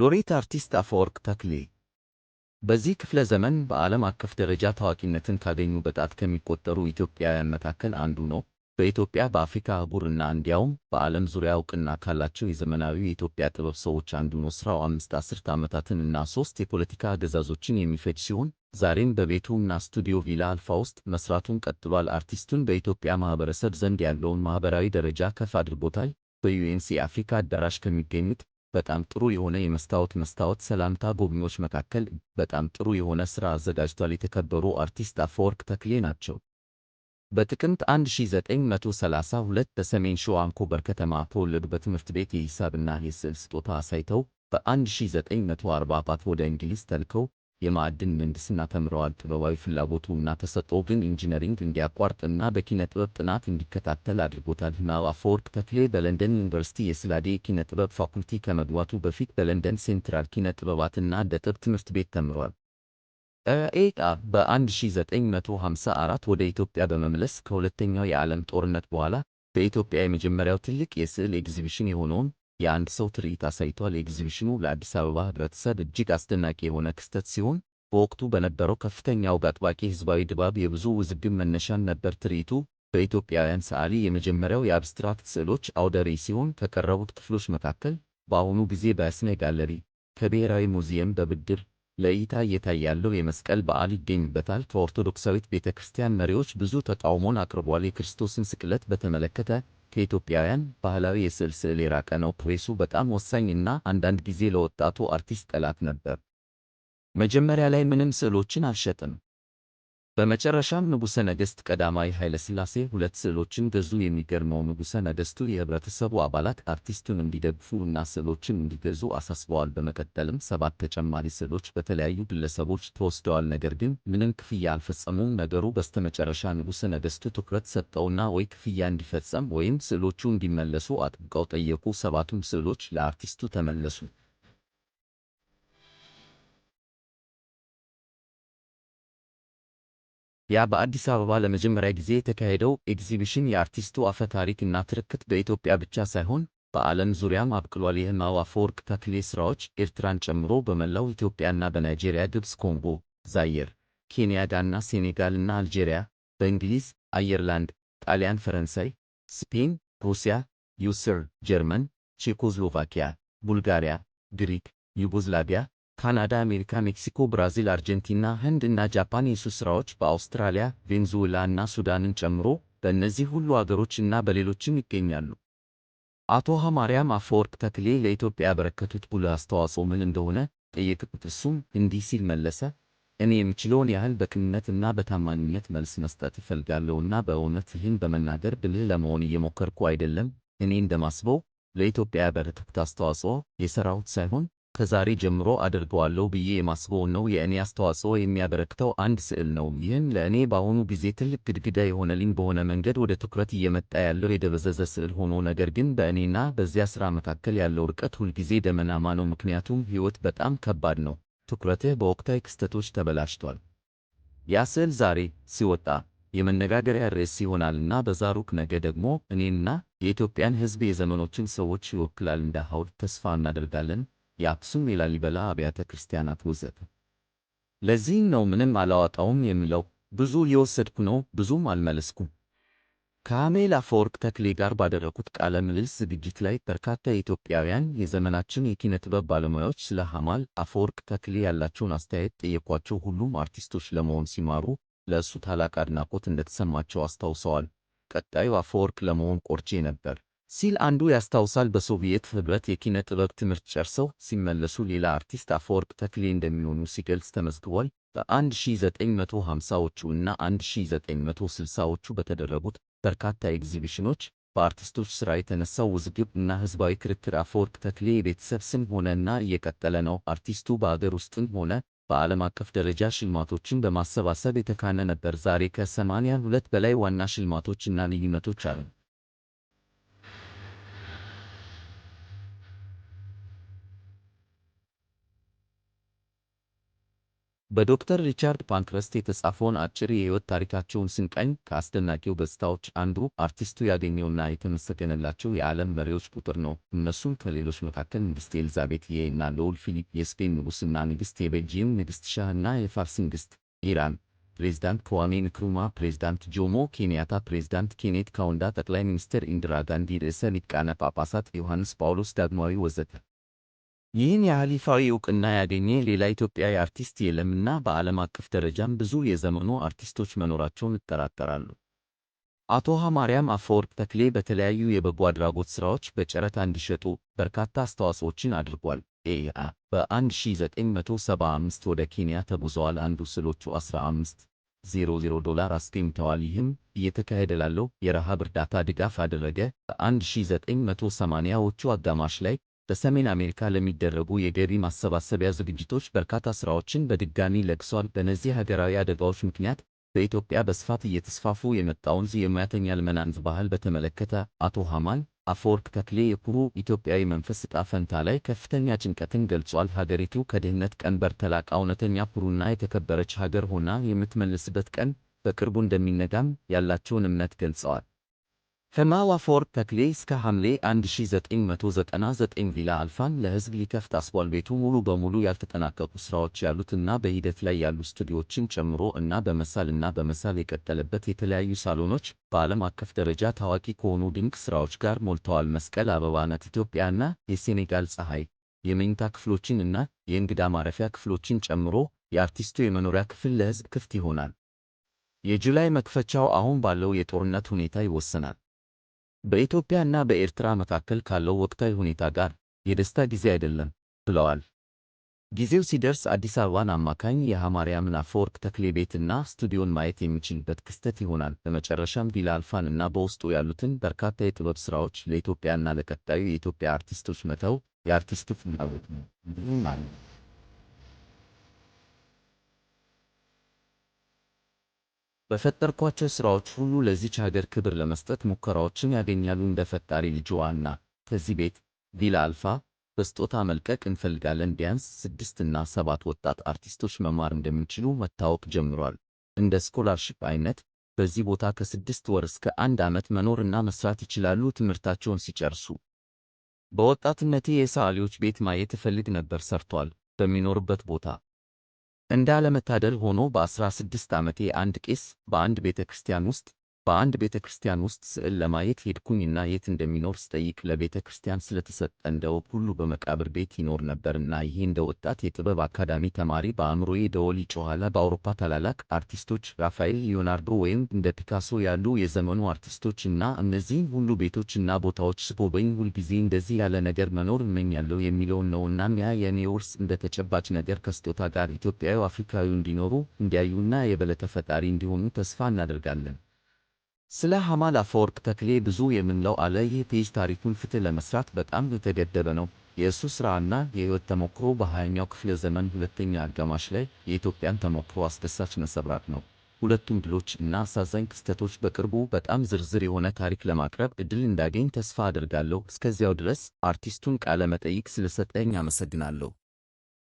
ሎሬት አርቲስት አፈወርቅ ተክሌ በዚህ ክፍለ ዘመን በዓለም አቀፍ ደረጃ ታዋቂነትን ካገኙ በጣት ከሚቆጠሩ ኢትዮጵያውያን መካከል አንዱ ነው። በኢትዮጵያ በአፍሪካ አህጉር እና እንዲያውም በዓለም ዙሪያ እውቅና ካላቸው የዘመናዊ የኢትዮጵያ ጥበብ ሰዎች አንዱ ነው። ሥራው አምስት አስርት ዓመታትን እና ሦስት የፖለቲካ አገዛዞችን የሚፈጅ ሲሆን ዛሬም በቤቱ እና ስቱዲዮ ቪላ አልፋ ውስጥ መሥራቱን ቀጥሏል። አርቲስቱን በኢትዮጵያ ማኅበረሰብ ዘንድ ያለውን ማኅበራዊ ደረጃ ከፍ አድርጎታል። በዩኤንሲ አፍሪካ አዳራሽ ከሚገኙት በጣም ጥሩ የሆነ የመስታወት መስታወት ሰላምታ ጎብኚዎች መካከል በጣም ጥሩ የሆነ ሥራ አዘጋጅቷል የተከበሩ አርቲስት አፈወርቅ ተክሌ ናቸው። በጥቅምት 1932 በሰሜን ሸዋ አንኮበር ከተማ ተወለዱ። በትምህርት ቤት የሂሳብና የስዕል ስጦታ አሳይተው በ1944 ወደ እንግሊዝ ተልከው የማዕድን ምህንድስና ተምረዋል። ጥበባዊ ፍላጎቱ እና ተሰጥኦው ግን ኢንጂነሪንግ እንዲያቋርጥ እና በኪነ ጥበብ ጥናት እንዲከታተል አድርጎታል። ናው አፈወርቅ ተክሌ በለንደን ዩኒቨርሲቲ የስላዴ ኪነ ጥበብ ፋኩልቲ ከመግባቱ በፊት በለንደን ሴንትራል ኪነ ጥበባትና ዕደ ትምህርት ቤት ተምሯል። ኤጣ በ1954 ወደ ኢትዮጵያ በመመለስ ከሁለተኛው የዓለም ጦርነት በኋላ በኢትዮጵያ የመጀመሪያው ትልቅ የስዕል ኤግዚቢሽን የሆነውን የአንድ ሰው ትርኢት አሳይቷል። ኤግዚቢሽኑ ለአዲስ አበባ ህብረተሰብ እጅግ አስደናቂ የሆነ ክስተት ሲሆን በወቅቱ በነበረው ከፍተኛ ወግ አጥባቂ ህዝባዊ ድባብ የብዙ ውዝግብ መነሻን ነበር። ትርኢቱ በኢትዮጵያውያን ሰዓሊ የመጀመሪያው የአብስትራክት ስዕሎች አውደ ርዕይ ሲሆን ከቀረቡት ክፍሎች መካከል በአሁኑ ጊዜ በያስነ ጋለሪ ከብሔራዊ ሙዚየም በብድር ለእይታ እየታየ ያለው የመስቀል በዓል ይገኝበታል። ከኦርቶዶክሳዊት ቤተ ክርስቲያን መሪዎች ብዙ ተቃውሞን አቅርቧል። የክርስቶስን ስቅለት በተመለከተ ከኢትዮጵያውያን ባህላዊ የስዕል ስዕል የራቀ ነው። ፕሬሱ በጣም ወሳኝ እና አንዳንድ ጊዜ ለወጣቱ አርቲስት ጠላት ነበር። መጀመሪያ ላይ ምንም ስዕሎችን አልሸጥም። በመጨረሻም ንጉሠ ነገሥት ቀዳማዊ ሥላሴ ሁለት ስዕሎችን ገዙ። የሚገርመው ንጉሠ ነገሥቱ የኅብረተሰቡ አባላት አርቲስቱን እንዲደግፉ እና ስዕሎችን እንዲገዙ አሳስበዋል። በመቀጠልም ሰባት ተጨማሪ ስዕሎች በተለያዩ ግለሰቦች ተወስደዋል፣ ነገር ግን ምንም ክፍያ አልፈጸሙም። ነገሩ በስተመጨረሻ ንጉሠ ነገሥቱ ትኩረት ሰጠውና ወይ ክፍያ እንዲፈጸም ወይም ስዕሎቹ እንዲመለሱ አጥብቀው ጠየቁ። ሰባቱም ስዕሎች ለአርቲስቱ ተመለሱ። ያ በአዲስ አበባ ለመጀመሪያ ጊዜ የተካሄደው ኤግዚቢሽን የአርቲስቱ አፈ ታሪክ እና ትርክት በኢትዮጵያ ብቻ ሳይሆን በዓለም ዙሪያም አብቅሏል። የህማው አፈወርቅ ተክሌ ሥራዎች ኤርትራን ጨምሮ በመላው ኢትዮጵያና በናይጄሪያ፣ ግብፅ፣ ኮንጎ፣ ዛይር፣ ኬንያ፣ ጋና፣ ሴኔጋል እና አልጄሪያ፣ በእንግሊዝ፣ አየርላንድ፣ ጣሊያን፣ ፈረንሳይ፣ ስፔን፣ ሩሲያ፣ ዩስር፣ ጀርመን፣ ቼኮዝሎቫኪያ፣ ቡልጋሪያ፣ ግሪክ፣ ዩጎዝላቪያ ካናዳ፣ አሜሪካ፣ ሜክሲኮ፣ ብራዚል፣ አርጀንቲና፣ ህንድ እና ጃፓን የሱስ ስራዎች በአውስትራሊያ፣ ቬንዙዌላ እና ሱዳንን ጨምሮ በእነዚህ ሁሉ አገሮች እና በሌሎችም ይገኛሉ። አቶ ሀማርያም አፈወርቅ ተክሌ ለኢትዮጵያ ያበረከቱት ጉልህ አስተዋጽኦ ምን እንደሆነ ተጠይቀው እሱም እንዲህ ሲል መለሰ፣ እኔ የምችለውን ያህል በክምነት እና በታማኝነት መልስ መስጠት እፈልጋለሁና በእውነት ይህን በመናገር ብልህ ለመሆን እየሞከርኩ አይደለም። እኔ እንደማስበው ለኢትዮጵያ ያበረከቱት አስተዋጽኦ የሰራውት ሳይሆን ከዛሬ ጀምሮ አድርገዋለሁ ብዬ የማስበውን ነው የእኔ አስተዋጽኦ የሚያበረክተው አንድ ስዕል ነው። ይህም ለእኔ በአሁኑ ጊዜ ትልቅ ግድግዳ የሆነልኝ በሆነ መንገድ ወደ ትኩረት እየመጣ ያለው የደበዘዘ ስዕል ሆኖ ነገር ግን በእኔና በዚያ ስራ መካከል ያለው ርቀት ሁልጊዜ ደመናማ ነው። ምክንያቱም ህይወት በጣም ከባድ ነው። ትኩረትህ በወቅታዊ ክስተቶች ተበላሽቷል። ያ ስዕል ዛሬ ሲወጣ የመነጋገሪያ ርዕስ ይሆናልና በዛ ሩቅ ነገ ደግሞ እኔና የኢትዮጵያን ህዝብ የዘመኖችን ሰዎች ይወክላል። እንደ ሐውልት ተስፋ እናደርጋለን። የአክሱም የላሊበላ አብያተ ክርስቲያናት ወዘተ። ለዚህም ነው ምንም አላዋጣውም የሚለው። ብዙ እየወሰድኩ ነው ብዙም አልመለስኩም። ከአሜል አፈወርቅ ተክሌ ጋር ባደረጉት ቃለ ምልልስ ዝግጅት ላይ በርካታ የኢትዮጵያውያን የዘመናችን የኪነ ጥበብ ባለሙያዎች ስለ ሐማል አፈወርቅ ተክሌ ያላቸውን አስተያየት ጠየኳቸው። ሁሉም አርቲስቶች ለመሆን ሲማሩ ለእሱ ታላቅ አድናቆት እንደተሰማቸው አስታውሰዋል። ቀጣዩ አፈወርቅ ለመሆን ቆርጬ ነበር። ሲል አንዱ ያስታውሳል። በሶቪየት ህብረት የኪነ ጥበብ ትምህርት ጨርሰው ሲመለሱ ሌላ አርቲስት አፈወርቅ ተክሌ እንደሚሆኑ ሲገልጽ ተመዝግቧል። በ1950ዎቹ እና 1960ዎቹ በተደረጉት በርካታ ኤግዚቢሽኖች በአርቲስቶች ሥራ የተነሳው ውዝግብ እና ሕዝባዊ ክርክር አፈወርቅ ተክሌ የቤተሰብ ስም ሆነና እየቀጠለ ነው። አርቲስቱ በአገር ውስጥም ሆነ በዓለም አቀፍ ደረጃ ሽልማቶችን በማሰባሰብ የተካነ ነበር። ዛሬ ከ82 በላይ ዋና ሽልማቶች እና ልዩነቶች አሉ። በዶክተር ሪቻርድ ፓንክረስት የተጻፈውን አጭር የሕይወት ታሪካቸውን ስንቃኝ ከአስደናቂው ገጽታዎች አንዱ አርቲስቱ ያገኘውና የተመሰገነላቸው የዓለም መሪዎች ቁጥር ነው። እነሱም ከሌሎች መካከል ንግሥት ኤልዛቤት የ እና ልዑል ፊሊፕ የስፔን ንጉሥና ንግሥት የቤልጂየም ንግሥት ሻህ እና የፋርስ ንግሥት ኢራን ፕሬዝዳንት ክዋሜ ንክሩማ፣ ፕሬዚዳንት ጆሞ ኬንያታ፣ ፕሬዝዳንት ኬኔት ካውንዳ፣ ጠቅላይ ሚኒስትር ኢንዲራ ጋንዲ፣ ርዕሰ ሊቃነ ጳጳሳት ዮሐንስ ጳውሎስ ዳግማዊ ወዘተ ይህን ያህል ይፋዊ እውቅና ያገኘ ሌላ ኢትዮጵያዊ አርቲስት የለምና በዓለም አቀፍ ደረጃም ብዙ የዘመኑ አርቲስቶች መኖራቸውን ይጠራጠራሉ። አቶ ማርያም አፈወርቅ ተክሌ በተለያዩ የበጎ አድራጎት ሥራዎች በጨረታ እንዲሸጡ በርካታ አስተዋጽኦችን አድርጓል። ኤአ በ1975 ወደ ኬንያ ተጉዘዋል። አንዱ ስሎቹ 15 00 ዶላር አስገኝተዋል። ይህም እየተካሄደ ላለው የረሃብ እርዳታ ድጋፍ አደረገ። በ1980ዎቹ አጋማሽ ላይ በሰሜን አሜሪካ ለሚደረጉ የገቢ ማሰባሰቢያ ዝግጅቶች በርካታ ሥራዎችን በድጋሚ ለግሷል። በእነዚህ ሀገራዊ አደጋዎች ምክንያት በኢትዮጵያ በስፋት እየተስፋፉ የመጣውን የሙያተኛ ልመናን ባህል በተመለከተ አቶ ሃማን አፈወርቅ ተክሌ የኩሩ ኢትዮጵያዊ መንፈስ ዕጣ ፈንታ ላይ ከፍተኛ ጭንቀትን ገልጿል። ሀገሪቱ ከድህነት ቀንበር ተላቃ እውነተኛ ኩሩና የተከበረች ሀገር ሆና የምትመልስበት ቀን በቅርቡ እንደሚነጋም ያላቸውን እምነት ገልጸዋል። ከማዋፎር ተክሌ እስከ ሐምሌ 1999 ቪላ አልፋን ለሕዝብ ሊከፍት አስቧል። ቤቱ ሙሉ በሙሉ ያልተጠናቀቁ ሥራዎች ያሉት እና በሂደት ላይ ያሉ ስቱዲዮችን ጨምሮ እና በመሳል እና በመሳል የቀጠለበት የተለያዩ ሳሎኖች በዓለም አቀፍ ደረጃ ታዋቂ ከሆኑ ድንቅ ሥራዎች ጋር ሞልተዋል። መስቀል አበባ ናት ኢትዮጵያ እና የሴኔጋል ፀሐይ የመኝታ ክፍሎችን እና የእንግዳ ማረፊያ ክፍሎችን ጨምሮ የአርቲስቱ የመኖሪያ ክፍል ለሕዝብ ክፍት ይሆናል። የጁላይ መክፈቻው አሁን ባለው የጦርነት ሁኔታ ይወሰናል። በኢትዮጵያና በኤርትራ መካከል ካለው ወቅታዊ ሁኔታ ጋር የደስታ ጊዜ አይደለም ብለዋል። ጊዜው ሲደርስ አዲስ አበባን አማካኝ የሐማርያምን አፈወርቅ ተክሌ ቤትና ስቱዲዮን ማየት የሚችልበት ክስተት ይሆናል። በመጨረሻም ቪላ እና በውስጡ ያሉትን በርካታ የጥበብ ሥራዎች ለኢትዮጵያና ለቀጣዩ የኢትዮጵያ አርቲስቶች መተው የአርቲስቱ ፍላጎት ነው። በፈጠርኳቸው ስራዎች ሁሉ ለዚች ሀገር ክብር ለመስጠት ሙከራዎችን ያገኛሉ። እንደ ፈጣሪ ልጅዋና ከዚህ ቤት ዲላ አልፋ በስጦታ መልቀቅ እንፈልጋለን። ቢያንስ ስድስት እና ሰባት ወጣት አርቲስቶች መማር እንደሚችሉ መታወቅ ጀምሯል። እንደ ስኮላርሺፕ አይነት በዚህ ቦታ ከስድስት ወር እስከ አንድ ዓመት መኖርና መስራት ይችላሉ ትምህርታቸውን ሲጨርሱ። በወጣትነቴ የሰዓሊዎች ቤት ማየት እፈልግ ነበር ሰርቷል በሚኖርበት ቦታ እንዳለመታደል ሆኖ በ16 ዓመቴ አንድ ቄስ በአንድ ቤተ ክርስቲያን ውስጥ በአንድ ቤተ ክርስቲያን ውስጥ ስዕል ለማየት ሄድኩኝና የት እንደሚኖር ስጠይቅ ለቤተ ክርስቲያን ስለተሰጠ እንደ ወግ ሁሉ በመቃብር ቤት ይኖር ነበርና ይሄ እንደ ወጣት የጥበብ አካዳሚ ተማሪ በአእምሮዬ ደወል ይጮኻል። በአውሮፓ ታላላቅ አርቲስቶች ራፋኤል፣ ሊዮናርዶ ወይም እንደ ፒካሶ ያሉ የዘመኑ አርቲስቶች እና እነዚህን ሁሉ ቤቶች እና ቦታዎች ስጎበኝ ሁልጊዜ እንደዚህ ያለ ነገር መኖር እመኛለሁ የሚለውን ነው። እናም ያ የእኔ ውርስ እንደ ተጨባጭ ነገር ከስጦታ ጋር ኢትዮጵያዊ አፍሪካዊ እንዲኖሩ፣ እንዲያዩና የበለጠ ፈጣሪ እንዲሆኑ ተስፋ እናደርጋለን። ስለ ሐማል አፈወርቅ ተክሌ ብዙ የምንለው አለ። ይህ ፔጅ ታሪኩን ፍትህ ለመስራት በጣም የተገደበ ነው። የእሱ ሥራና የሕይወት ተሞክሮ በሃያኛው ክፍለ ዘመን ሁለተኛ አጋማሽ ላይ የኢትዮጵያን ተሞክሮ አስደሳች ነጸብራቅ ነው። ሁለቱም ድሎች እና አሳዛኝ ክስተቶች በቅርቡ በጣም ዝርዝር የሆነ ታሪክ ለማቅረብ ዕድል እንዳገኝ ተስፋ አድርጋለሁ። እስከዚያው ድረስ አርቲስቱን ቃለ መጠይቅ ስለሰጠኝ አመሰግናለሁ።